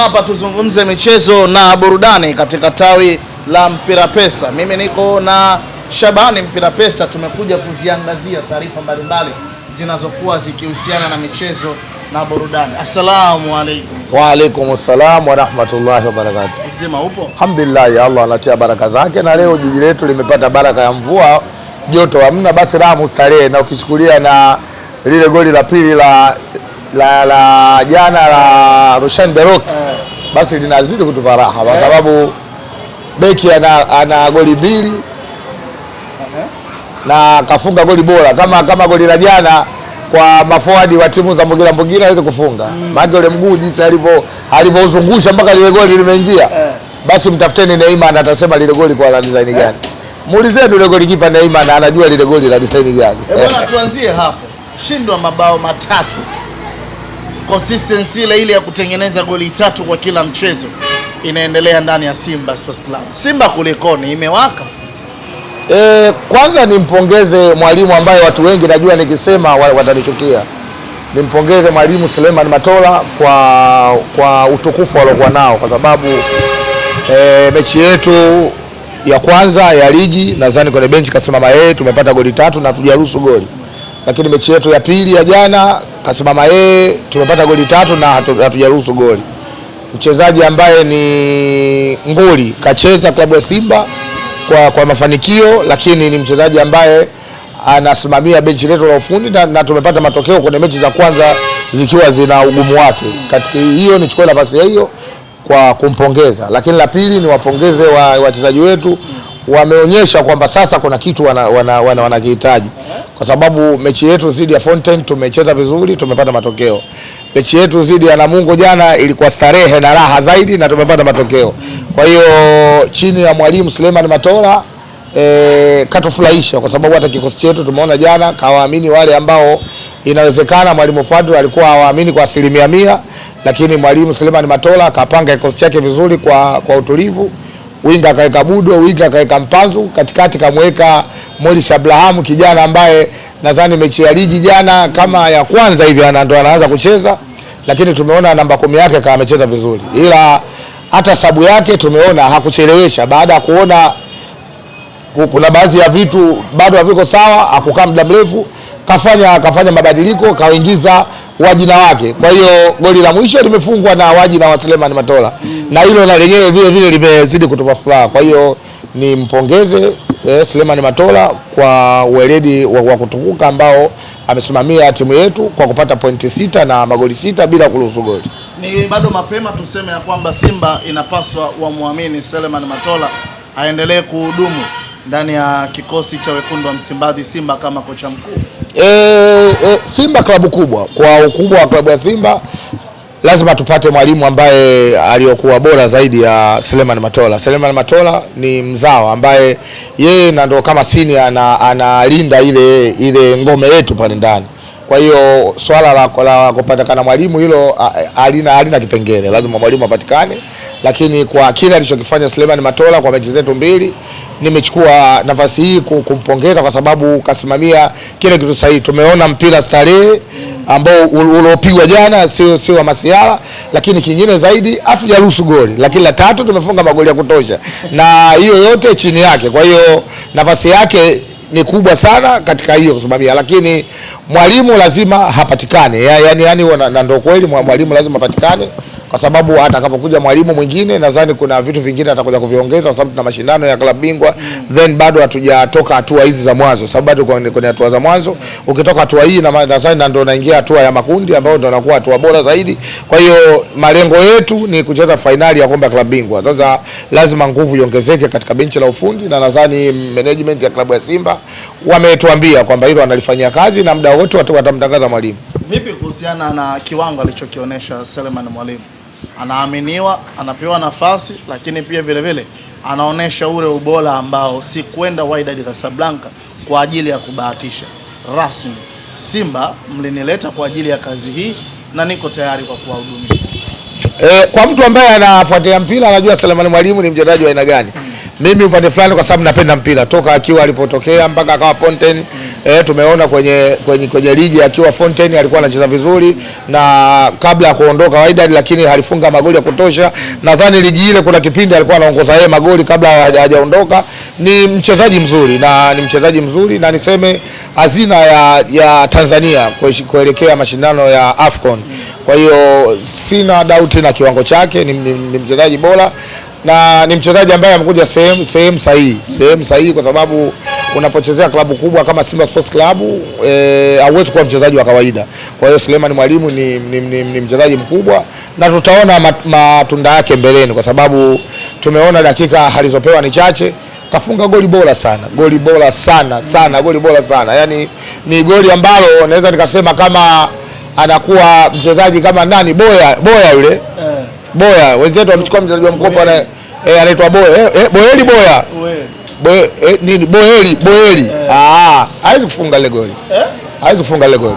Hapa tuzungumze michezo na burudani katika tawi la mpira pesa. Mimi niko na Shabani mpira pesa, tumekuja kuziangazia taarifa mbalimbali zinazokuwa zikihusiana na michezo na burudani. Assalamu alaykum. Wa alaykum assalam wa rahmatullahi wa barakatuh. Sema upo? Alhamdulillah, Allah anatia baraka zake, na leo jiji letu limepata baraka ya mvua, joto hamna, basi raha mustarehe, na ukichukulia na lile goli la pili la la la jana la Roshan Berok eh. basi linazidi kutupa raha kwa sababu beki ana, ana goli mbili eh. na kafunga goli bora kama kama goli la jana kwa mafuadi wa timu za Mbugira Mbugira aweze kufunga mm, maana yule mguu jinsi alivyo alivyozungusha mpaka lile goli limeingia eh, basi mtafuteni Neima na atasema lile goli kwa la design eh, gani muulizeni yule goli kipa Neima na anajua lile goli la design gani. Eh, bwana eh. tuanzie hapo, shindwa mabao matatu consistency ile ile ya kutengeneza goli tatu kwa kila mchezo inaendelea ndani ya Simba Sports Club. Simba kulikoni, imewaka. E, kwanza nimpongeze mwalimu ambaye watu wengi najua nikisema watanichukia. Nimpongeze mwalimu Suleiman Matola kwa kwa utukufu waliokuwa nao kwa sababu e, mechi yetu ya kwanza ya ligi nadhani kwenye benchi kasimama yeye, tumepata goli tatu na tujaruhusu goli, lakini mechi yetu ya pili ya jana kasimama yeye, tumepata goli tatu na hatujaruhusu goli. Mchezaji ambaye ni nguli kacheza klabu ya Simba kwa, kwa mafanikio, lakini ni mchezaji ambaye anasimamia benchi letu la ufundi na, na tumepata matokeo kwenye mechi za kwanza zikiwa zina ugumu wake. Katika hiyo nichukue nafasi hiyo kwa kumpongeza, lakini la pili ni wapongeze wachezaji wetu, wameonyesha kwamba sasa kuna kitu wanakihitaji wana, wana, wana kwa sababu mechi yetu dhidi ya Fountain tumecheza vizuri, tumepata matokeo. Mechi yetu dhidi ya Namungo jana ilikuwa starehe na raha zaidi na tumepata matokeo. Kwa hiyo chini ya mwalimu Suleiman Matola e, katufurahisha kwa sababu hata kikosi chetu tumeona jana kawaamini wale ambao inawezekana mwalimu Fadlu alikuwa hawaamini kwa asilimia mia, lakini mwalimu Suleiman Matola akapanga kikosi chake vizuri kwa, kwa utulivu. Winga akaweka Budo, winga akaweka Mpanzu, katikati kamweka Morris Abrahamu, kijana ambaye nadhani mechi ya ligi jana kama ya kwanza hivi ndo anaanza kucheza, lakini tumeona namba kumi yake kama amecheza vizuri, ila hata sabu yake tumeona hakuchelewesha, baada ya kuona kuna baadhi ya vitu bado haviko sawa, akukaa muda mrefu, kafanya kafanya mabadiliko, kaingiza Wajina wake. Kwa hiyo goli la mwisho limefungwa na Wajina wa Suleiman Matola, na hilo na lenyewe vile vile limezidi kutupa furaha. Kwa hiyo nimpongeze eh, Suleiman Matola kwa weledi wa kutukuka ambao amesimamia timu yetu kwa kupata pointi sita na magoli sita bila kuruhusu goli. Ni bado mapema tuseme ya kwamba Simba inapaswa wamwamini Suleiman Matola aendelee kuhudumu ndani ya kikosi cha wekundu wa Msimbazi Simba kama kocha mkuu. E, e, Simba klabu kubwa, kwa ukubwa wa klabu ya Simba lazima tupate mwalimu ambaye aliyokuwa bora zaidi ya Seleman Matola. Seleman Matola ni mzao ambaye yeye na ndo kama senior ana, analinda ile ile ngome yetu pale ndani. Kwa hiyo swala la, la kupatikana mwalimu hilo halina halina kipengele, lazima mwalimu apatikane, lakini kwa kile alichokifanya Seleman Matola kwa mechi zetu mbili nimechukua nafasi hii kumpongeza kwa sababu kasimamia kile kitu sahihi. Tumeona mpira starehe ambao uliopigwa jana sio sio wa masiara, lakini kingine zaidi hatujaruhusu goli, lakini la tatu tumefunga magoli ya kutosha, na hiyo yote chini yake. Kwa hiyo nafasi yake ni kubwa sana katika hiyo kusimamia, lakini mwalimu lazima hapatikane, yaani yaani, ndio kweli mwalimu lazima apatikane kwa sababu atakapokuja mwalimu mwingine nadhani kuna vitu vingine atakuja kuviongeza, kwa sababu tuna mashindano ya klabu bingwa mm. Then bado hatujatoka hatua hizi za mwanzo, sababu bado kwenye hatua za mwanzo. Ukitoka hatua hii nadhani ndio unaingia hatua ya makundi ambayo ndio inakuwa hatua bora zaidi. Kwa hiyo malengo yetu ni kucheza fainali ya kombe la klabu bingwa. Sasa lazima nguvu iongezeke katika benchi la ufundi, na nadhani management ya klabu ya Simba wametuambia kwamba hilo analifanyia kazi na muda wote watamtangaza mwalimu. Vipi kuhusiana na kiwango alichokionyesha Selemani Mwalimu? anaaminiwa, anapewa nafasi, lakini pia vile vile anaonyesha ule ubora ambao si kwenda Wydad Casablanca kwa ajili ya kubahatisha. Rasmi Simba mlinileta kwa ajili ya kazi hii na niko tayari kwa kuwahudumia. E, kwa mtu ambaye anafuatilia mpira anajua Selemani Mwalimu ni mchezaji wa aina gani. Mm. Mimi upande fulani, kwa sababu napenda mpira toka akiwa alipotokea mpaka akawa Fontaine. Mm eh, tumeona kwenye, kwenye, kwenye ligi akiwa Fontaine alikuwa anacheza vizuri na kabla ya kuondoka Wydad, lakini alifunga magoli ya kutosha. Nadhani ligi ile kuna kipindi alikuwa anaongoza yeye magoli kabla hajaondoka. Ni mchezaji mzuri na ni mchezaji mzuri na niseme hazina ya, ya Tanzania kuelekea mashindano ya Afcon. Kwa hiyo sina doubt na kiwango chake, ni, ni, ni mchezaji bora na ni mchezaji ambaye amekuja sehemu sehemu sahihi, sehemu sahihi kwa sababu unapochezea klabu kubwa kama Simba Sports Club eh, hauwezi e, kuwa mchezaji wa kawaida. Kwa hiyo Suleiman Mwalimu ni, ni, ni, ni mchezaji mkubwa na tutaona mat, matunda yake mbeleni, kwa sababu tumeona dakika alizopewa ni chache. Kafunga goli bora sana, goli bora sana sana, goli bora sana, yaani ni goli ambalo naweza nikasema kama anakuwa mchezaji kama nani, Boya Boya yule eh. Boya, wenzetu wamechukua mchezaji wa mkopo eh, anaitwa Boya, Boyeli Boya Boe, eh, nini Boeli Boeli eh. Ah, hawezi kufunga ile goli eh? Hawezi kufunga ile goli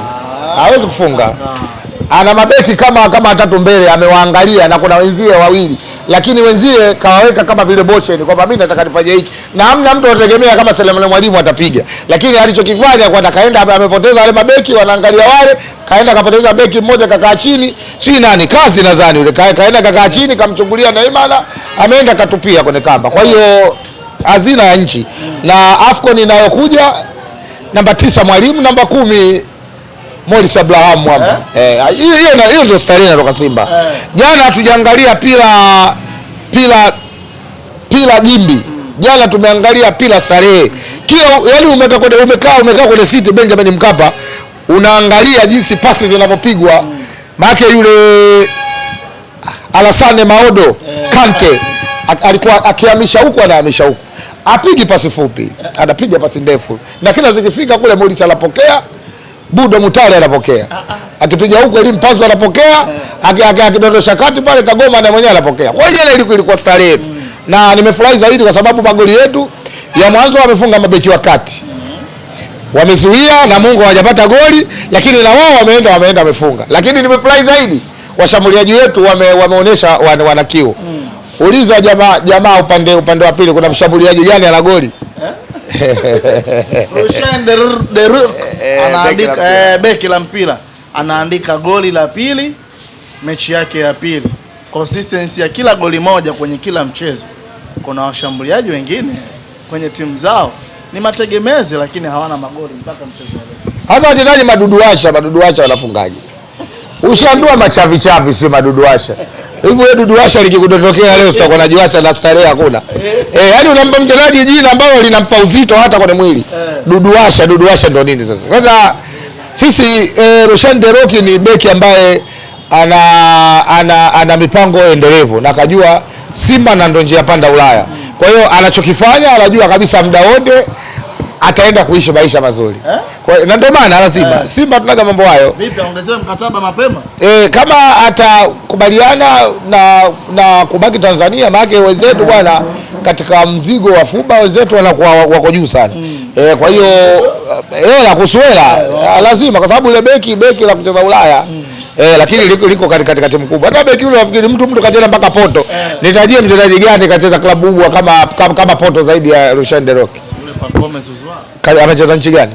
ah, hawezi kufunga ah. ana mabeki kama kama watatu mbele amewaangalia, na kuna wenzie wawili, lakini wenzie kawaweka kama vile bosheni kwamba mimi nataka nifanye hiki, na hamna mtu anategemea kama Selemani Mwalimu atapiga, lakini alichokifanya kwa atakaenda, amepoteza wale mabeki, wanaangalia wale, kaenda kapoteza beki mmoja, kakaa chini, si nani kazi, nadhani yule kaenda kakaa chini, kamchungulia Neymar, ameenda katupia kwenye kamba, kwa hiyo hazina ya nchi na AFCON inayokuja namba tisa Mwalimu, namba kumi Morris Abraham hapa. Eh? Eh, ah, hiyo ndio stari inatoka Simba. Eh. Jana hatujaangalia pila pila pila jimbi, jana tumeangalia pila starehe. kio, yani umekaa kwenye umekaa umekaa kwenye siti Benjamin Mkapa, unaangalia jinsi pasi zinavyopigwa, maana yule ah, Alasane Maodo Kante alikuwa akihamisha huku anahamisha huku Apigi pasi fupi, anapiga pasi ndefu, na kila zikifika kule Morris anapokea, Budo Mutale anapokea, ah, ah. akipiga huko elimu Panzo anapokea, eh. akidondosha kati pale Kagoma na mwenyewe anapokea. Kwa hiyo ile ilikuwa star yetu, mm. na nimefurahi zaidi kwa sababu magoli yetu ya mwanzo wamefunga mabeki wa kati mm. wamezuia na Mungu hawajapata goli, lakini na wao wameenda wameenda wamefunga. Lakini nimefurahi zaidi washambuliaji wetu wame, wameonyesha wan, kiu mm. Uliza jamaa jamaa upande upande wa pili kuna mshambuliaji gani ana goli? Eh? de de eh, eh, anaandika beki la mpira anaandika goli la pili mechi yake ya pili. Consistency ya kila goli moja kwenye kila mchezo. Kuna washambuliaji wengine kwenye timu zao ni mategemezi, lakini hawana magoli mpaka mchezo leo. Hasa wachezaji madudu washa wanafungaji. Ushandua machavichavi, sio maduduasha. Hivi wewe Dudu Washa likikudondokea leo sitakuwa jiwasha na starehe hakuna. Eh, eh yani unampa mchezaji jina ambalo linampa uzito hata kwenye mwili. Eh. Dudu Washa, Dudu Washa ndio nini sasa? Kwanza sisi eh, Roshan Deroki ni beki ambaye ana ana, ana mipango endelevu na akajua Simba na ndo njia panda Ulaya. Kwa hiyo anachokifanya anajua kabisa muda wote ataenda kuishi maisha mazuri. Eh? kwa na ndio maana lazima yeah. Simba tunaga mambo hayo. Vipi aongezewe mkataba mapema? Eh, kama atakubaliana na na kubaki Tanzania, maana wenzetu bwana katika mzigo wa FUBA wenzetu wanakuwa wako juu sana mm. Eh, kwa hiyo eh, hela kusuela eh, eh, lazima, kwa sababu ile beki beki la kucheza Ulaya mm. Eh, lakini liko, liko katika katika timu kubwa. Hata beki yule afikiri mtu mtu kacheza mpaka Porto. Yeah. Nitajie mchezaji gani kacheza klabu kubwa kama, kama kama Porto zaidi ya Lucien Delorme. Amecheza nchi gani?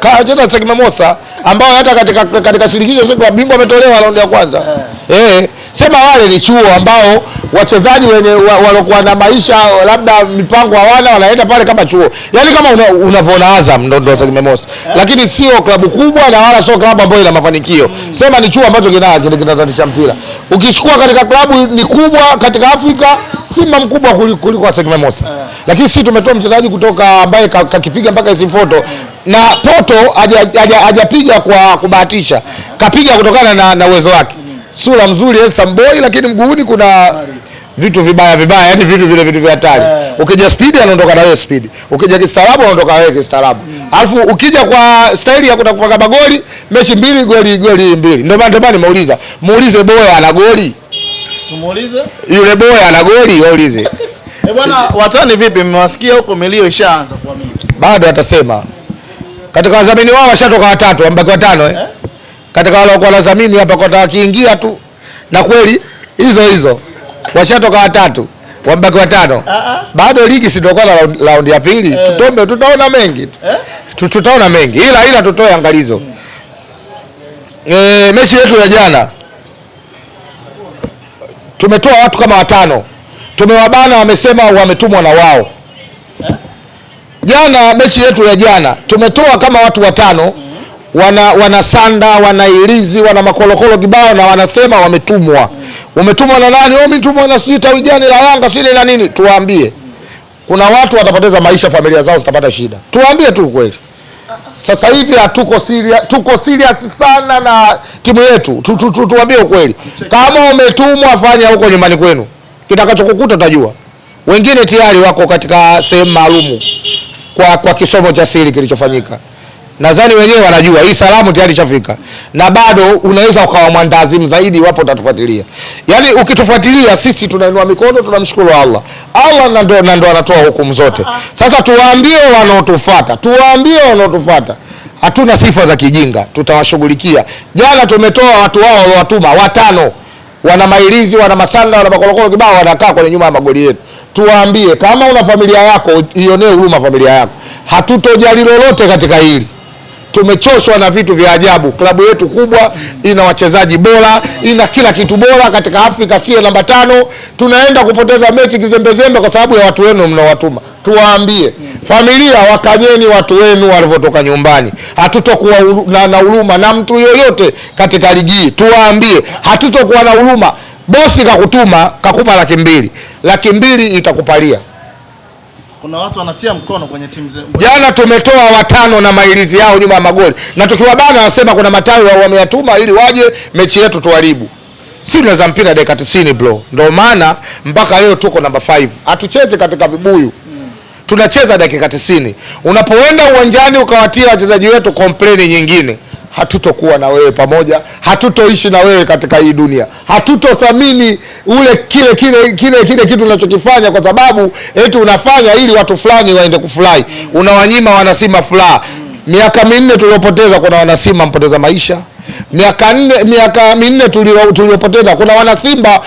Jonathan sekimemosa ambao hata katika katika shirikisho la bingwa ametolewa raundi ya kwanza eh, eh. Sema wale ni chuo ambao wachezaji wenye walokuwa na maisha labda mipango hawana, wanaenda pale kama chuo, yaani kama unavyoona una Azam ndo ndo Mosi, eh. lakini sio klabu kubwa na wala sio klabu ambayo ina mafanikio mm. Sema ni chuo ambacho kinazalisha mpira. Ukichukua katika klabu ni kubwa katika Afrika, Simba mkubwa kuliko Asante Mosi yeah. Lakini sisi tumetoa mchezaji kutoka ambaye kakipiga mpaka hizi foto Na poto hajapiga kwa kubahatisha, eh. kapiga kutokana na uwezo wake mm sura mzuri Elsa Mboi, lakini mguuni kuna vitu vibaya vibaya, yani vitu vile vitu vya hatari yeah. Ukija speed anaondoka na wewe speed, ukija kistaarabu anaondoka na wewe kistaarabu mm. Alafu ukija kwa staili ya kutaka kupaka magoli, mechi mbili goli goli mbili. Ndio maana ndio maana nimeuliza, muulize boya ana goli, tumuulize yule boya ana goli, waulize eh bwana. Watani vipi, mmewasikia huko? Milio ishaanza kwa mimi bado atasema katika wadhamini wao washatoka watatu, ambaki watano eh, eh? katika wale walikuwa wanadhamini hapa kwa wakiingia tu, na kweli hizo hizo washatoka watatu, wambaki watano. Ah, ah. Bado ligi si ndio kwa raundi ya pili, eh. tutombe tutaona mengi eh? tu, tutaona mengi ila ila tutoe angalizo. E, mechi yetu ya jana tumetoa watu kama watano, tumewabana, wamesema wametumwa na wao. Jana mechi yetu ya jana tumetoa kama watu watano wana wana sanda wana ilizi wana makolokolo kibao, na wanasema wametumwa. Wametumwa na nani? Wao oh, wametumwa na sijui tawi gani la Yanga sile na nini. Tuwaambie kuna watu watapoteza maisha, familia zao zitapata shida. Tuwaambie tu kweli. Sasa hivi hatuko serious, tuko serious sana na timu yetu. tu, tu, tu, Tuambie ukweli, kama umetumwa fanya huko nyumbani kwenu, kitakachokukuta utajua. Wengine tayari wako katika sehemu maalumu kwa, kwa kisomo cha siri kilichofanyika nadhani wenyewe wanajua hii salamu tayari ishafika, na bado unaweza ukawa mwandazimu zaidi iwapo utatufuatilia. Yaani ukitufuatilia sisi tunainua mikono, tunamshukuru Allah. Allah na ndo ndo anatoa hukumu zote. Ah, ah. Sasa tuwaambie wanaotufuata, tuwaambie wanaotufuata hatuna sifa za kijinga, tutawashughulikia. Jana tumetoa watu wao waliowatuma watano, wana mailizi, wana masanda, wana makorokoro kibao, wanakaa kwenye nyuma ya magoli yetu. Tuwaambie kama una familia yako, ionee huruma familia yako. Hatutojali lolote katika hili. Tumechoshwa na vitu vya ajabu. Klabu yetu kubwa ina wachezaji bora, ina kila kitu bora katika Afrika, sio namba tano. Tunaenda kupoteza mechi kizembezembe kwa sababu ya watu wenu mnawatuma Tuwaambie familia, wakanyeni watu wenu walivyotoka nyumbani. Hatutokuwa na huruma na mtu yoyote katika ligi hii. Tuwaambie hatutokuwa na huruma. Bosi kakutuma kakupa laki mbili, laki mbili itakupalia kuna watu wanatia mkono kwenye timu zetu. Jana tumetoa watano na mailizi yao nyuma ya magoli, na tukiwa bana wasema kuna matawi wa wameyatuma ili waje mechi yetu tuharibu. Si tunaweza mpira dakika 90 bro, ndio maana mpaka leo tuko namba 5, hatucheze katika vibuyu hmm. Tunacheza dakika 90. Unapoenda uwanjani ukawatia wachezaji wetu kompleni nyingine hatutokuwa na wewe pamoja, hatutoishi na wewe katika hii dunia, hatutothamini ule kile kile kile kile kitu unachokifanya, kwa sababu eti unafanya ili watu fulani waende kufurahi, unawanyima wanasima furaha. Miaka minne tuliopoteza kuna wanasima mpoteza maisha miaka nne miaka minne tuliopoteza. Kuna wanasimba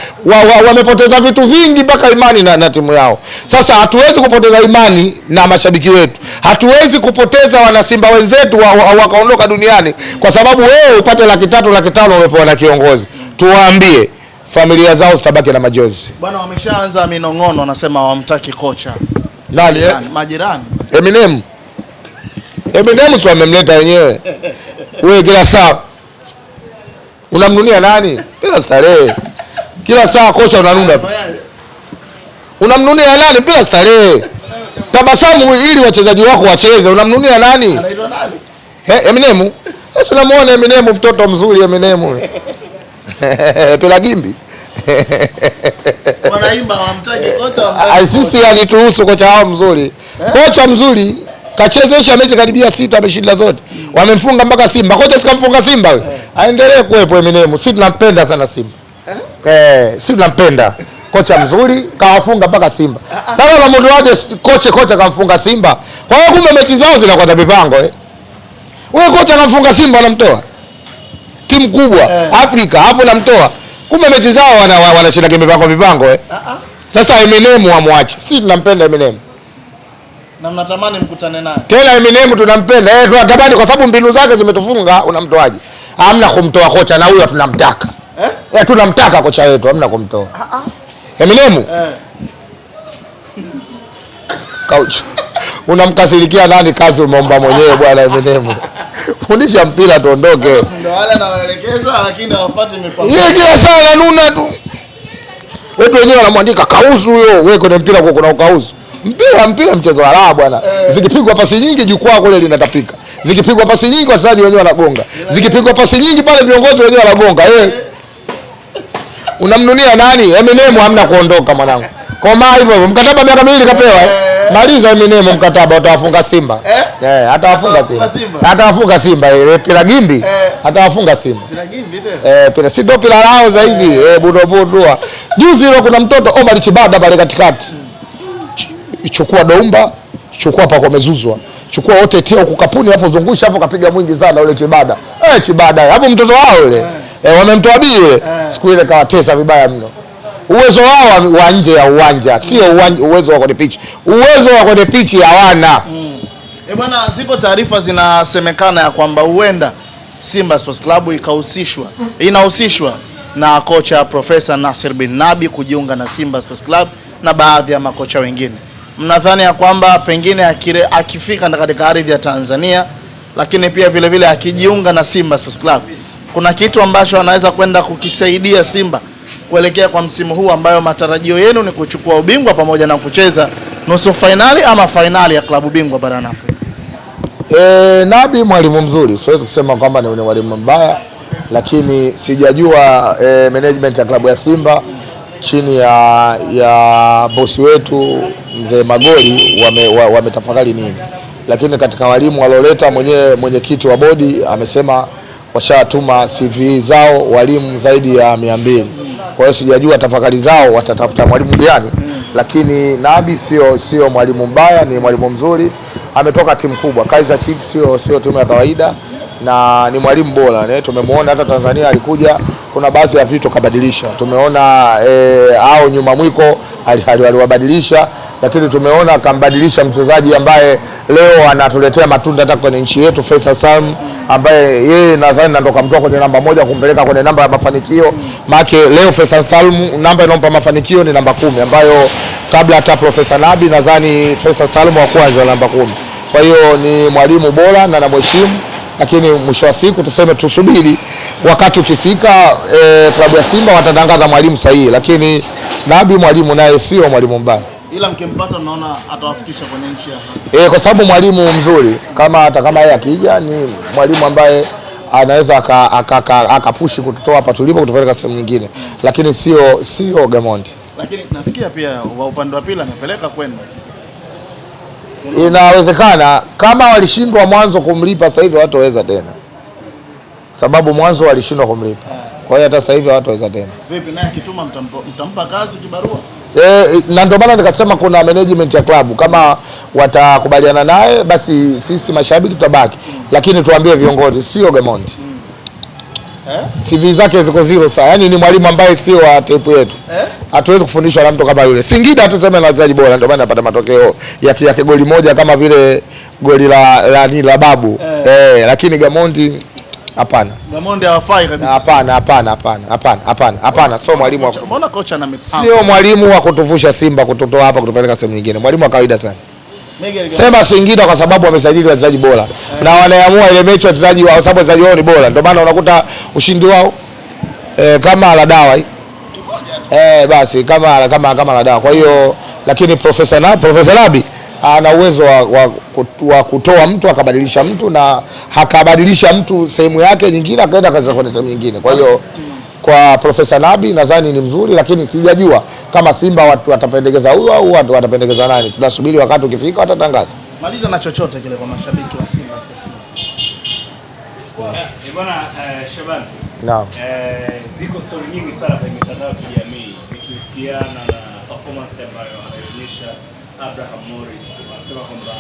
wamepoteza wa, wa vitu vingi mpaka imani na, na timu yao. Sasa hatuwezi kupoteza imani na mashabiki wetu, hatuwezi kupoteza wanasimba wenzetu wakaondoka wa, wa duniani kwa sababu wewe upate laki tatu laki tano umepewa na kiongozi. Tuwaambie familia zao zitabaki na majozi bwana. Wameshaanza minong'ono, wanasema hawamtaki kocha nani? Eh? Majirani, majirani. Eminem Eminem si wamemleta wenyewe. Wewe kila saa Unamnunia nani? Bila starehe. Kila saa kocha unanuna. Unamnunia nani? Bila starehe. Tabasamu ili wachezaji wako wacheze. Unamnunia nani? Anaitwa nani? Eminem. Sasa unamuona Eminem mtoto mzuri Eminem. pelagimbi Wanaimba wamtaje kocha Sisi alituhusu kocha wao mzuri. Eh? Kocha mzuri kachezesha mechi karibia sita, ameshinda zote, mm. wamemfunga mpaka Simba. Kocha sikamfunga Simba we eh. aendelee kuwepo Eminem. Sisi tunampenda sana Simba eh, Eh, sisi tunampenda kocha mzuri, kawafunga mpaka Simba. Ah, ah. Sasa mamundu waje kocha kocha kamfunga Simba. Kwa hiyo kumbe mechi zao zinakwenda mipango eh, wewe kocha kamfunga Simba, anamtoa timu kubwa eh. Afrika, alafu anamtoa kumbe mechi zao wanashinda wana mipango mipango eh. Ah, ah. Sasa Eminem amwache, sisi tunampenda Eminem na mnatamani mkutane naye tena. Eminem tunampenda yeye, tunatamani kwa sababu mbinu zake zimetufunga. Unamtoaje? Hamna kumtoa kocha, na huyo tunamtaka eh? Eh, tunamtaka kocha wetu, hamna kumtoa ah -ah. Eminem eh. Coach unamkasirikia nani? Kazi umeomba mwenyewe bwana. Eminem fundisha mpira tuondoke. Ndio wale nawaelekeza, lakini hawafuati mipango. Yeye biashara nuna tu, watu wenyewe wanamwandika kauzu huyo, wewe kwenye mpira kuna ukauzu mpira mpira mchezo wa raha bwana eh. Zikipigwa pasi nyingi jukwaa kule linatapika, zikipigwa pasi nyingi wachezaji wenyewe wanagonga, zikipigwa pasi nyingi pale viongozi wenyewe wanagonga eh. eh. Unamnunia nani? Eminem hamna kuondoka mwanangu, koma hivyo hivyo, mkataba miaka miwili kapewa eh? eh. Maliza Eminem mkataba, utawafunga Simba eh, eh atawafunga Simba, atawafunga Simba ile eh, pira gimbi eh, atawafunga Simba pira gimbi tena eh, pira si do pira lao zaidi eh, eh budo budua. Juzi ile kuna mtoto Omar Chibada pale katikati hmm chukua Doumba, chukua pako mezuzwa, chukua wote tia huko kapuni, alafu zungusha, alafu kapiga mwingi sana ule Chibada. Eh, Chibada hapo mtoto wao ule eh, eh wamemtoa bii eh. siku ile kawatesa vibaya mno. Uwezo wao wa nje ya uwanja sio uwezo wa kwenye pitch, uwezo wa kwenye pitch hawana. Mm. Eh, bwana, ziko taarifa zinasemekana ya kwamba huenda Simba Sports Club ikahusishwa inahusishwa na kocha Profesa Nasir bin Nabi kujiunga na Simba Sports Club na baadhi ya makocha wengine mnadhani ya kwamba pengine akire, akifika katika ardhi ya Tanzania, lakini pia vile vile akijiunga na Simba Sports Club, kuna kitu ambacho anaweza kwenda kukisaidia Simba kuelekea kwa msimu huu, ambayo matarajio yenu ni kuchukua ubingwa pamoja na kucheza nusu fainali ama fainali ya klabu bingwa barani Afrika? E, Nabi mwalimu mzuri, siwezi kusema kwamba ni mwalimu mbaya, lakini sijajua e, management ya klabu ya Simba chini ya, ya bosi wetu mzee Magoli wametafakari wame nini, lakini katika walimu walioleta, mwenyewe mwenyekiti wa bodi amesema washatuma CV zao walimu zaidi ya mia mbili. Kwa hiyo sijajua tafakari zao watatafuta mwalimu gani, lakini Nabi sio sio mwalimu mbaya, ni mwalimu mzuri, ametoka timu kubwa Kaizer Chiefs, sio sio timu ya kawaida na ni mwalimu bora. Tumemwona hata Tanzania alikuja, kuna baadhi ya vitu kabadilisha. Tumeona e, eh, au nyuma mwiko aliwabadilisha ali, ali, lakini tumeona akambadilisha mchezaji ambaye leo anatuletea matunda hata kwenye nchi yetu Faisal Salum, ambaye yeye nadhani ndo kamtoa kwenye namba moja kumpeleka kwenye namba ya mafanikio. Maana leo Faisal Salum namba inompa mafanikio ni namba kumi ambayo kabla hata Profesa Nabi nadhani Faisal Salum hakuwa na namba kumi. Kwa hiyo ni mwalimu bora na namheshimu, lakini mwisho wa siku tuseme tusubiri wakati ukifika, e, klabu ya Simba watatangaza mwalimu sahihi, lakini Nabi mwalimu naye sio mwalimu mbaya ila mkimpata naona atawafikisha kwenye nchi ya e, kwa sababu mwalimu mzuri kama hata kama yeye akija ni mwalimu ambaye anaweza akapushi kututoa hapa tulipo kutupeleka sehemu nyingine, lakini sio sio Gamondi. Lakini nasikia pia wa upande wa pili amepeleka kwenda inawezekana kama walishindwa mwanzo kumlipa, sasa hivi hawataweza tena, sababu mwanzo walishindwa kumlipa. Eh. Kwa hiyo hata sasa hivi hawataweza tena. Vipi naye kituma, mtampa kazi kibarua? E, na ndio maana nikasema kuna management ya klabu kama watakubaliana naye basi sisi mashabiki tutabaki, mm. Lakini tuambie viongozi, sio Gamondi mm. eh? CV zake ziko zero saa, yaani ni mwalimu ambaye sio wa tepu yetu eh? hatuwezi kufundishwa na mtu kama yule. Singida tuseme na wachezaji bora, ndio maana napata matokeo ya ya goli moja kama vile goli la, la, la, la babu eh. Eh, lakini Gamondi Hapana, Gamonde hawafai kabisa. Hapana, hapana, hapana, hapana, hapana, hapana. Sio mwalimu wako. Mbona kocha na mipango? Sio mwalimu wa kutuvusha Simba kutotoa hapa kutupeleka sehemu nyingine, mwalimu wa kawaida sana. Sema Singida kwa sababu wamesajili wachezaji bora eh. na wanaamua ile mechi wachezaji wao, sababu wachezaji wao ni bora, ndio maana unakuta ushindi wao e, kama la dawa eh, basi kama kama kama la dawa. Kwa hiyo lakini profesa na profesa Labi ana uwezo wa, wa, wa kutoa mtu akabadilisha mtu na akabadilisha mtu sehemu yake nyingine akaenda kaza kwenye sehemu nyingine. Kwa hiyo kwa Profesa Nabi nadhani ni mzuri, lakini sijajua kama Simba watu watapendekeza huyo au watu watapendekeza nani. Tunasubiri wakati ukifika watatangaza. Maliza na chochote kile kwa mashabiki wa Simba eh, eh, eh, Shabani. Naam. Eh, ziko story nyingi sana kwenye mitandao ya kijamii zikihusiana na performance ambayo anaonyesha Abraham Morris wanasema kwamba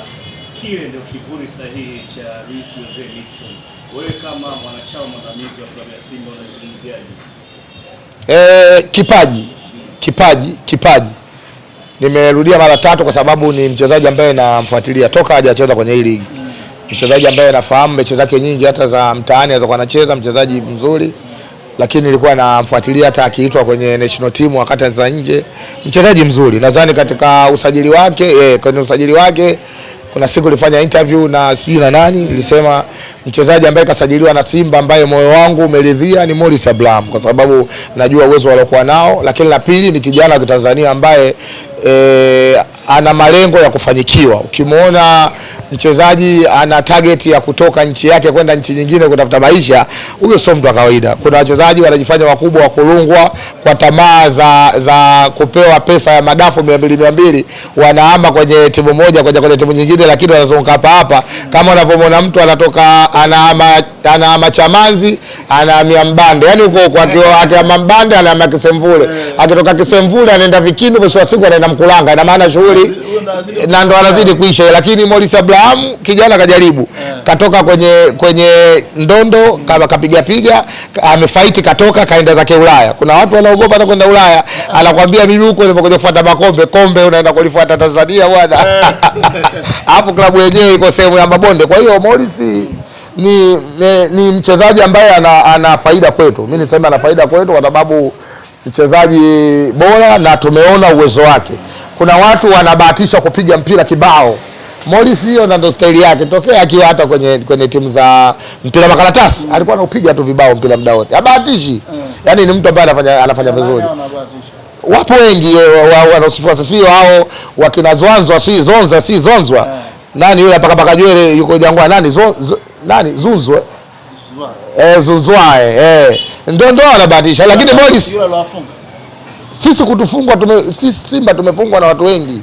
kile ndio kivuli sahihi cha Rais Jose Nixon. Wewe kama mwanachama mwandamizi wa klabu ya Simba unazungumziaje? Eh, kipaji kipaji kipaji, nimerudia mara tatu kwa sababu ni mchezaji ambaye namfuatilia toka hajacheza kwenye hii ligi, mchezaji ambaye nafahamu mechi zake nyingi, hata za mtaani, anaweza kuwa anacheza, mchezaji mzuri lakini nilikuwa namfuatilia hata akiitwa kwenye national team wakati za nje. Mchezaji mzuri, nadhani katika usajili wake yeah, kwenye usajili wake kuna siku nilifanya interview na sijui na nani, nilisema mchezaji ambaye kasajiliwa na Simba ambaye moyo wangu umeridhia ni Morris Abraham, kwa sababu najua uwezo waliokuwa nao, lakini la pili ni kijana wa Kitanzania ambaye e, ana malengo ya kufanyikiwa. Ukimwona mchezaji ana target ya kutoka nchi yake kwenda nchi nyingine kutafuta maisha, huyo sio mtu wa kawaida. Kuna wachezaji wanajifanya wakubwa wa kulungwa kwa tamaa za, za kupewa pesa ya madafu mia mbili mia mbili, wanaama kwenye timu moja kwenda kwenye timu nyingine, lakini wanazunguka hapa hapa, kama unavyomwona mtu anatoka anaama anaama Chamanzi anaamia Mbande, yani uko kwa kio akiama Mbande anaamia Kisemvule, akitoka Kisemvule anaenda Vikindu, mwisho wa siku anaenda Mkulanga, ina maana shughuli na ndo anazidi kuisha, lakini Morris Abla fahamu. Kijana kajaribu yeah. Katoka kwenye kwenye ndondo kapiga kapigapiga, amefaiti katoka, kaenda zake Ulaya. Kuna watu wanaogopa hata kwenda Ulaya yeah. Anakwambia mimi huko nimekuja kufuata makombe, kombe unaenda kulifuata Tanzania bwana yeah. klabu yenyewe iko sehemu ya mabonde, kwa hiyo Morris ni, ni, ni mchezaji ambaye ana, ana faida kwetu. Mimi nisema ana faida kwetu kwa sababu mchezaji bora na tumeona uwezo wake. Kuna watu wanabahatisha kupiga mpira kibao Morris hiyo ndo staili yake tokea akiwa hata kwenye, kwenye timu za mpira wa karatasi mm. alikuwa anaupiga tu vibao mpira muda wote, abahatishi mm. yaani ni mtu ambaye anafanya, anafanya vizuri. Wapo wengi wanaosifiwa sifiwa hao wakina Zwanzwa si Zonza si Zonzwa yeah. Mm. nani yule pakapaka jwele yuko Jangwa nani zo, zo, nani Zunzwe eh, Zunzwae eh, eh, ndo ndo anabahatisha, lakini Morris sisi kutufungwa tume, sisi Simba tumefungwa na watu wengi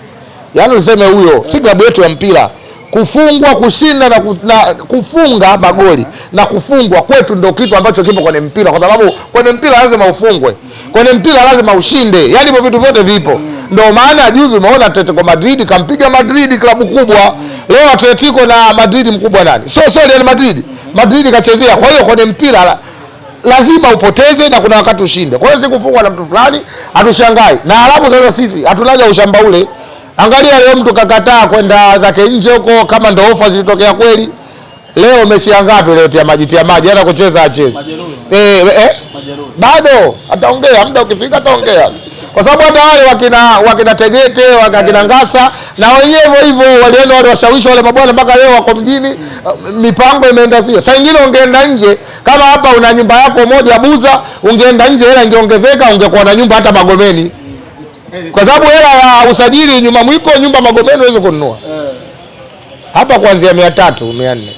yaani useme huyo, si klabu yetu ya mpira kufungwa kushinda na, kuf, na kufunga magoli na kufungwa kwetu ndio kitu ambacho kipo kwenye mpira, kwa sababu kwenye mpira lazima ufungwe, kwenye mpira lazima ushinde, yaani hivyo vitu vyote vipo. Ndio maana juzi umeona Atletico Madrid kampiga Madrid, klabu kubwa. Leo Atletico na Madrid mkubwa nani? So so Real Madrid, Madrid kachezea. Kwa hiyo kwenye mpira lazima upoteze na kuna wakati ushinde. Kwa hiyo sikufungwa na mtu fulani hatushangai, na alafu sasa sisi hatunaga ushamba ule Angalia leo mtu kakataa kwenda zake nje huko, kama ndo ofa zilitokea kweli. Leo umeshia ngapi? Leo tia maji, tia maji, hata kucheza acheze eh, eh, bado ataongea. Muda ukifika ataongea, kwa sababu hata wale wakina wakina Tegete wakina eh. Ngasa na wenyewe hivyo walienda wale washawishi wale mabwana, mpaka leo wako mjini, hmm. uh, mipango imeenda sio. Saa ingine ungeenda nje, kama hapa una nyumba yako moja Buza, ungeenda nje, hela ingeongezeka, ungekuwa na nyumba hata Magomeni kwa sababu hela ya usajili nyuma mwiko nyumba Magomeni huwezi kununua eh. hapa kuanzia mia tatu mia nne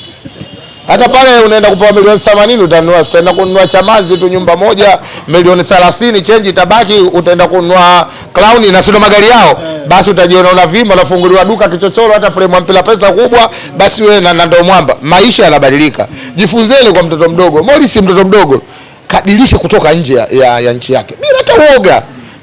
hata pale unaenda kupewa milioni themanini utanunua, utaenda kununua Chamazi tu nyumba moja milioni thelathini, chenji itabaki, utaenda kununua clowni na sio magari yao yeah. Basi utajiona una vima, unafunguliwa duka kichochoro, hata fremu mpila pesa kubwa, basi wewe na ndo mwamba. Maisha yanabadilika, jifunzeni kwa mtoto mdogo. Mori mtoto mdogo, kadirishe kutoka nje ya, ya, ya nchi yake bila hata uoga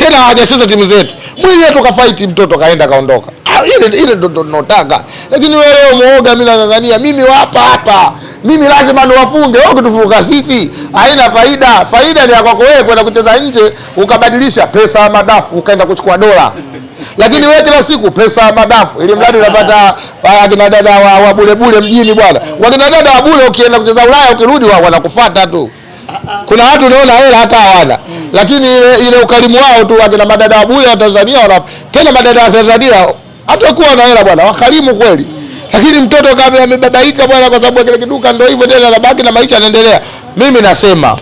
tena hawajacheza timu zetu. Mwili wetu kafaiti, mtoto kaenda kaondoka. Ah, ile ile ndo tunataka. Lakini wewe leo muoga, mimi nang'ang'ania, mimi wapa hapa. Mimi lazima niwafunge wao, kutufunga sisi haina faida. Faida ni ya kwako wewe kwenda kucheza nje ukabadilisha pesa ya madafu ukaenda kuchukua dola. Lakini wewe kila siku pesa ya madafu ili mradi unapata wakina ah, dada wa, wa bule mjini bwana. Wakina dada wa bule ukienda kucheza Ulaya ukirudi wao wanakufuata tu. Kuna watu unaona hela hata hawana, mm. lakini ile ile ukarimu wao tu, wakina madada wa buya wa Tanzania wana tena madada wa Tanzania hata kuwa na hela bwana, wakarimu kweli, mm. lakini mtoto kama amebabaika bwana, kwa sababu kile kiduka ndio hivyo tena, anabaki na maisha yanaendelea. Mimi nasema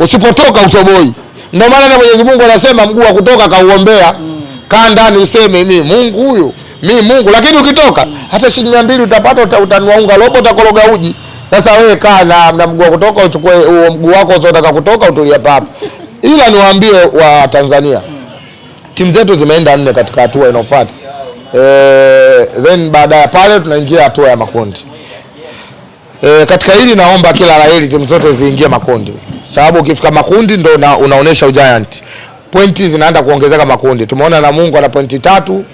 usipotoka utoboi. Ndio maana na Mwenyezi Mungu anasema mguu wa kutoka kauombea, mm. kaa ndani useme mimi Mungu huyu mi Mungu, lakini ukitoka hata shilingi mia mbili utapata, utanua unga robo, utakoroga uji sasa wewe kaa na, na mguu kutoka uchukue huo mguu wako usiotaka kutoka utulie papo. Ila niwaambie wa Tanzania timu zetu zimeenda nne katika hatua inayofuata. Eh, then baada ya pale tunaingia hatua ya makundi. E, katika hili naomba kila laheri timu zote ziingie makundi, sababu ukifika makundi ndo una, unaonesha ugiant. Pointi zinaanza kuongezeka makundi. Tumeona na Mungu ana pointi tatu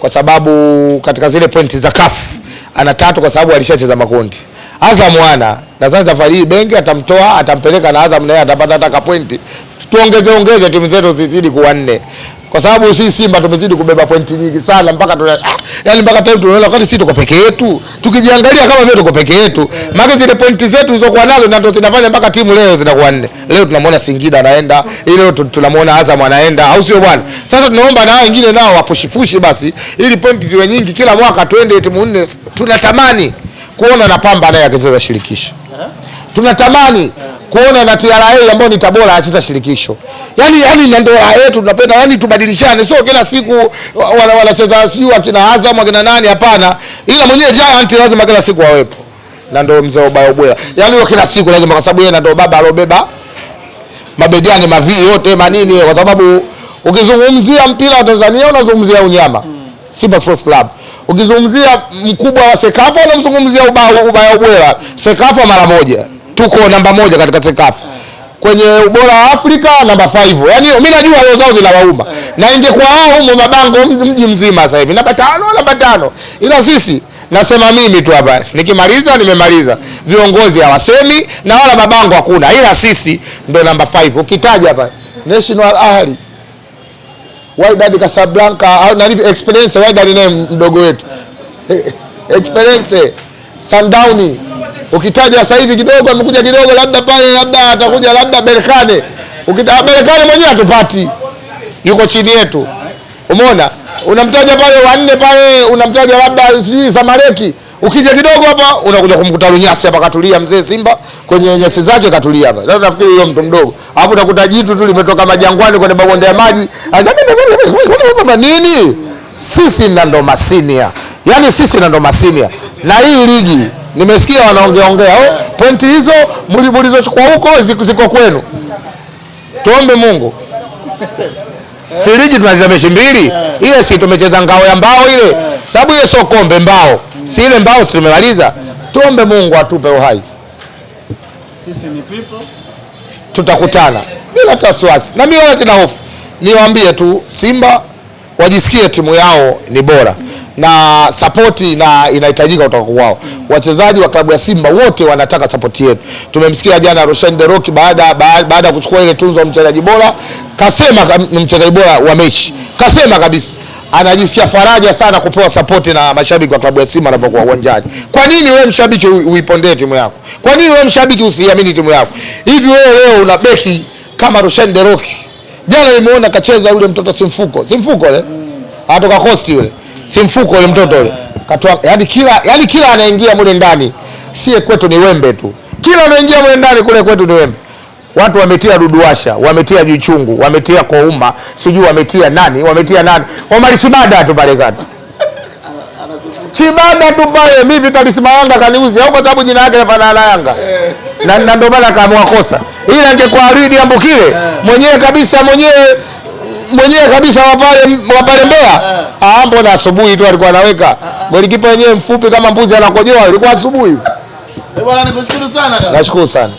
kwa sababu katika zile pointi za kafu ana tatu kwa sababu alishacheza makundi. Azam wana nadhani safari hii benki atamtoa atampeleka na Azam naye atapata hata ka pointi, tuongeze ongeze timu zetu zizidi kuwa nne, kwa sababu si Simba tumezidi kubeba pointi nyingi sana mpaka tuna ah, yani mpaka time tunaona kwani si tuko peke yetu, tukijiangalia kama vile tuko peke yetu yeah. Maana zile pointi zetu zilizokuwa nazo ndio zinafanya mpaka timu leo zinakuwa nne. Leo tunamwona Singida anaenda, leo tunamwona Azam anaenda, au sio bwana? Sasa tunaomba na wengine nao wapushifushi basi, ili pointi ziwe nyingi, kila mwaka tuende timu nne tunatamani kuona na Pamba naye akicheza shirikisho. Tunatamani kuona na TRA ambayo ni Tabora acheza shirikisho. Yaani yaani ndio raha yetu tunapenda, yaani tubadilishane. Sio kila siku wanacheza sijui akina Azam akina nani, hapana. Ila mwenyewe Giant lazima kila siku awepo. Na ndo mzee Obaobwea. Yaani hiyo kila siku lazima kwa sababu yeye ndo baba alobeba mabegani mavi yote manini, kwa sababu ukizungumzia mpira wa Tanzania unazungumzia unyama. Simba Sports Club. Ukizungumzia mkubwa wa Sekafa unamzungumzia ubaya ubora. Sekafa mara moja tuko namba moja katika Sekafa kwenye ubora wa Afrika namba 5. Yaani mimi najua roho zao zinawauma. Na ingekuwa wao humo mabango mji mzima sasa hivi namba tano namba 5. Ila sisi nasema mimi tu hapa nikimaliza nimemaliza. Viongozi hawasemi na wala mabango hakuna. Ila sisi ndio namba 5. Ukitaja hapa National Ahli Wydad Casablanca au nani experience Wydad naye mdogo wetu experience sandauni ukitaja sasa hivi kidogo amekuja kidogo, labda pale, labda atakuja, labda Berkane. Ukitaja Berkane mwenyewe atupati, yuko chini yetu. Umeona, unamtaja pale wanne pale, unamtaja labda sijui Zamaleki Ukija kidogo hapa unakuja kumkuta lunyasi hapa katulia mzee Simba kwenye nyasi zake katulia hapa. Sasa nafikiri huyo mtu mdogo. Alafu utakuta jitu tu limetoka majangwani kwenye mabonde ya maji. Nini? Sisi na ndo masinia. Yaani sisi na ndo masinia. Na hii ligi nimesikia wanaongea ongea oh, pointi hizo mlizochukua huko ziko kwenu. Tuombe Mungu. Si ligi mechi mbili. Ile si tumecheza ngao ya mbao ile. Sababu ile sio kombe mbao si ile mbao tumemaliza. Tuombe Mungu atupe uhai, sisi ni pipo, tutakutana bila wasiwasi na mimi wala sina hofu. Niwaambie tu Simba wajisikie timu yao ni bora na sapoti na inahitajika kutoka kwao. Wachezaji wa klabu ya Simba wote wanataka sapoti yetu. Tumemsikia jana Roshan Deroki baada baada ya kuchukua ile tunzo mchezaji bora, kasema ni mchezaji bora wa mechi, kasema kabisa anajisikia faraja sana kupewa sapoti na mashabiki wa klabu ya Simba anapokuwa uwanjani. Kwa nini wewe mshabiki uipondee timu yako? Kwa nini wewe mshabiki usiamini timu yako? Hivi wewe leo una beki kama Rushen Deroki. Jana nimeona kacheza yule mtoto Simfuko. Simfuko yule. Mm. Anatoka Coast yule. Simfuko yule mtoto yule. Katoa yani kila yani kila anaingia mule ndani. Sie kwetu ni wembe tu. Kila anaingia mule ndani kule kwetu ni wembe. Watu wametia ruduasha, wametia jichungu, wametia kouma, sijui wametia nani, wametia nani. Omar Sibada tu pale kati Chibada tu pale, mimi vitalisima kaniuzi au kwa sababu jina lake linafanana na Yanga na, na ndio maana kaamua kosa, ili angekuwa aridi ambukile mwenyewe kabisa mwenyewe mwenyewe kabisa wa pale wa pale Mbeya. Ah, mbona asubuhi tu alikuwa anaweka golikipa wenyewe mfupi kama mbuzi anakojoa, alikuwa asubuhi. Eh bwana, nikushukuru sana. Nashukuru sana.